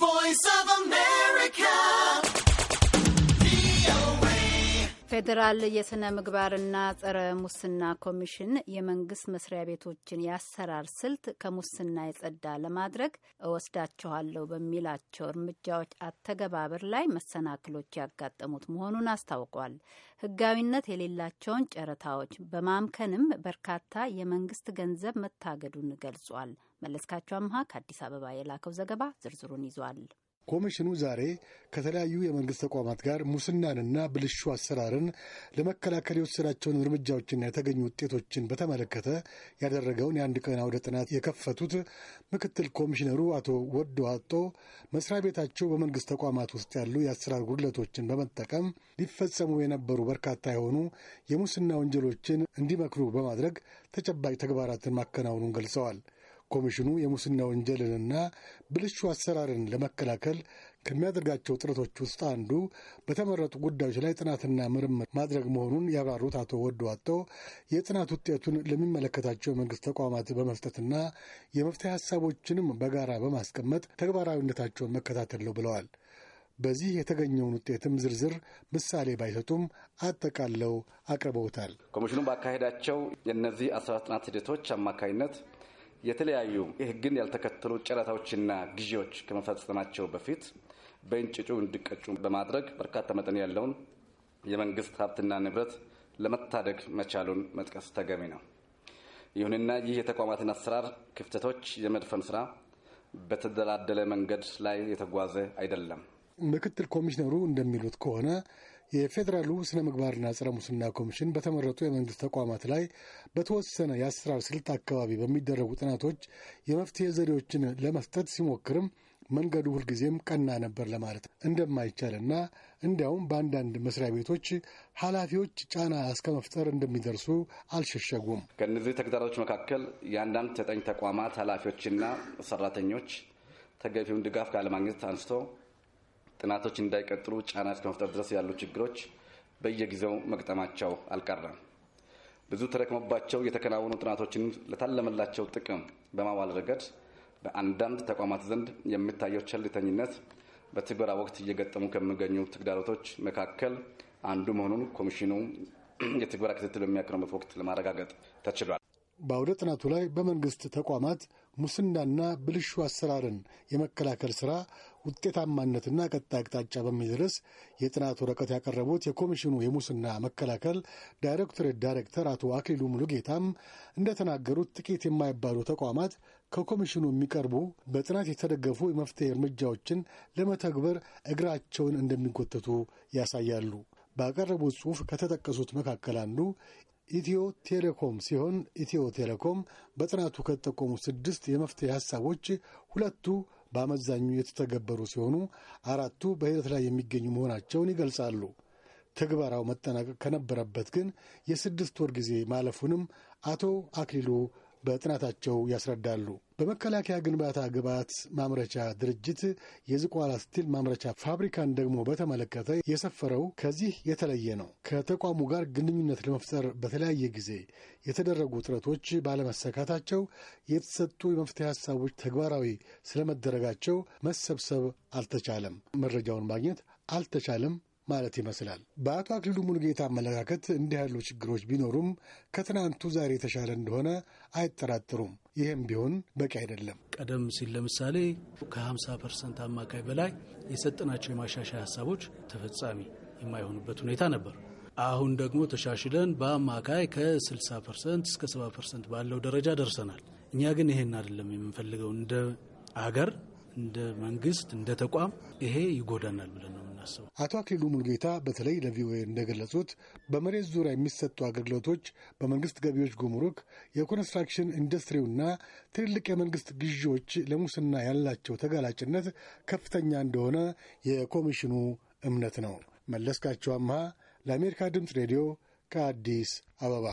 voice of America. ፌዴራል የሥነ ምግባርና ጸረ ሙስና ኮሚሽን የመንግስት መስሪያ ቤቶችን የአሰራር ስልት ከሙስና የጸዳ ለማድረግ እወስዳቸዋለሁ በሚላቸው እርምጃዎች አተገባበር ላይ መሰናክሎች ያጋጠሙት መሆኑን አስታውቋል። ሕጋዊነት የሌላቸውን ጨረታዎች በማምከንም በርካታ የመንግስት ገንዘብ መታገዱን ገልጿል። መለስካቸው አምሃ ከአዲስ አበባ የላከው ዘገባ ዝርዝሩን ይዟል። ኮሚሽኑ ዛሬ ከተለያዩ የመንግሥት ተቋማት ጋር ሙስናንና ብልሹ አሰራርን ለመከላከል የወሰዳቸውን እርምጃዎችና የተገኙ ውጤቶችን በተመለከተ ያደረገውን የአንድ ቀን አውደ ጥናት የከፈቱት ምክትል ኮሚሽነሩ አቶ ወዶ አጦ መስሪያ ቤታቸው በመንግሥት ተቋማት ውስጥ ያሉ የአሰራር ጉድለቶችን በመጠቀም ሊፈጸሙ የነበሩ በርካታ የሆኑ የሙስና ወንጀሎችን እንዲመክሩ በማድረግ ተጨባጭ ተግባራትን ማከናወኑን ገልጸዋል። ኮሚሽኑ የሙስና ወንጀልንና ብልሹ አሰራርን ለመከላከል ከሚያደርጋቸው ጥረቶች ውስጥ አንዱ በተመረጡ ጉዳዮች ላይ ጥናትና ምርምር ማድረግ መሆኑን ያብራሩት አቶ ወዶ አጦ የጥናት ውጤቱን ለሚመለከታቸው የመንግስት ተቋማት በመስጠትና የመፍትሄ ሀሳቦችንም በጋራ በማስቀመጥ ተግባራዊነታቸውን መከታተል ነው ብለዋል። በዚህ የተገኘውን ውጤትም ዝርዝር ምሳሌ ባይሰጡም አጠቃለው አቅርበውታል። ኮሚሽኑ ባካሄዳቸው የእነዚህ አስራ ጥናት ሂደቶች አማካኝነት የተለያዩ ግን ያልተከተሉ ጨረታዎችና ግዢዎች ከመፈጸማቸው በፊት በእንጭጩ እንዲቀጩ በማድረግ በርካታ መጠን ያለውን የመንግስት ሀብትና ንብረት ለመታደግ መቻሉን መጥቀስ ተገቢ ነው። ይሁንና ይህ የተቋማትን አሰራር ክፍተቶች የመድፈን ስራ በተደላደለ መንገድ ላይ የተጓዘ አይደለም። ምክትል ኮሚሽነሩ እንደሚሉት ከሆነ የፌዴራሉ ስነ ምግባርና ጸረ ሙስና ኮሚሽን በተመረጡ የመንግስት ተቋማት ላይ በተወሰነ የአሰራር ስልት አካባቢ በሚደረጉ ጥናቶች የመፍትሄ ዘዴዎችን ለመስጠት ሲሞክርም መንገዱ ሁልጊዜም ቀና ነበር ለማለት እንደማይቻልና እንዲያውም በአንዳንድ መስሪያ ቤቶች ኃላፊዎች ጫና እስከ መፍጠር እንደሚደርሱ አልሸሸጉም። ከእነዚህ ተግዳሮች መካከል የአንዳንድ ተጠኝ ተቋማት ኃላፊዎችና ሰራተኞች ተገቢውን ድጋፍ ካለማግኘት አንስቶ ጥናቶች እንዳይቀጥሉ ጫና እስከመፍጠር ድረስ ያሉ ችግሮች በየጊዜው መግጠማቸው አልቀረም። ብዙ ተደክሞባቸው የተከናወኑ ጥናቶችን ለታለመላቸው ጥቅም በማዋል ረገድ በአንዳንድ ተቋማት ዘንድ የሚታየው ቸልተኝነት በትግበራ ወቅት እየገጠሙ ከሚገኙ ተግዳሮቶች መካከል አንዱ መሆኑን ኮሚሽኑ የትግበራ ክትትል በሚያከናውንበት ወቅት ለማረጋገጥ ተችሏል። በአውደ ጥናቱ ላይ በመንግሥት ተቋማት ሙስናና ብልሹ አሰራርን የመከላከል ሥራ ውጤታማነትና ቀጣይ አቅጣጫ በሚል ርዕስ የጥናት ወረቀት ያቀረቡት የኮሚሽኑ የሙስና መከላከል ዳይሬክቶሬት ዳይሬክተር አቶ አክሊሉ ሙሉጌታም እንደተናገሩት ጥቂት የማይባሉ ተቋማት ከኮሚሽኑ የሚቀርቡ በጥናት የተደገፉ የመፍትሄ እርምጃዎችን ለመተግበር እግራቸውን እንደሚጎተቱ ያሳያሉ። ባቀረቡት ጽሑፍ ከተጠቀሱት መካከል አንዱ ኢትዮ ቴሌኮም ሲሆን ኢትዮ ቴሌኮም በጥናቱ ከተጠቆሙ ስድስት የመፍትሄ ሀሳቦች ሁለቱ በአመዛኙ የተተገበሩ ሲሆኑ አራቱ በሂደት ላይ የሚገኙ መሆናቸውን ይገልጻሉ። ትግበራው መጠናቀቅ ከነበረበት ግን የስድስት ወር ጊዜ ማለፉንም አቶ አክሊሉ በጥናታቸው ያስረዳሉ። በመከላከያ ግንባታ ግብዓት ማምረቻ ድርጅት የዝቋላ ስቲል ማምረቻ ፋብሪካን ደግሞ በተመለከተ የሰፈረው ከዚህ የተለየ ነው። ከተቋሙ ጋር ግንኙነት ለመፍጠር በተለያየ ጊዜ የተደረጉ ጥረቶች ባለመሰካታቸው የተሰጡ የመፍትሄ ሀሳቦች ተግባራዊ ስለመደረጋቸው መሰብሰብ አልተቻለም፣ መረጃውን ማግኘት አልተቻለም ማለት ይመስላል። በአቶ አክሊሉ ሙሉጌታ አመለካከት እንዲህ ያሉ ችግሮች ቢኖሩም ከትናንቱ ዛሬ የተሻለ እንደሆነ አይጠራጥሩም። ይህም ቢሆን በቂ አይደለም። ቀደም ሲል ለምሳሌ ከ50 ፐርሰንት አማካይ በላይ የሰጠናቸው የማሻሻያ ሀሳቦች ተፈጻሚ የማይሆኑበት ሁኔታ ነበር። አሁን ደግሞ ተሻሽለን በአማካይ ከ60 ፐርሰንት እስከ 70 ፐርሰንት ባለው ደረጃ ደርሰናል። እኛ ግን ይሄን አይደለም የምንፈልገው እንደ አገር እንደ መንግስት እንደ ተቋም ይሄ ይጎዳናል ብለን ነው የምናስበው። አቶ አክሊሉ ሙልጌታ በተለይ ለቪኦኤ እንደገለጹት በመሬት ዙሪያ የሚሰጡ አገልግሎቶች በመንግስት ገቢዎች ጉምሩክ፣ የኮንስትራክሽን ኢንዱስትሪውና ትልልቅ የመንግስት ግዢዎች ለሙስና ያላቸው ተጋላጭነት ከፍተኛ እንደሆነ የኮሚሽኑ እምነት ነው። መለስካቸው አምሃ ለአሜሪካ ድምፅ ሬዲዮ ከአዲስ አበባ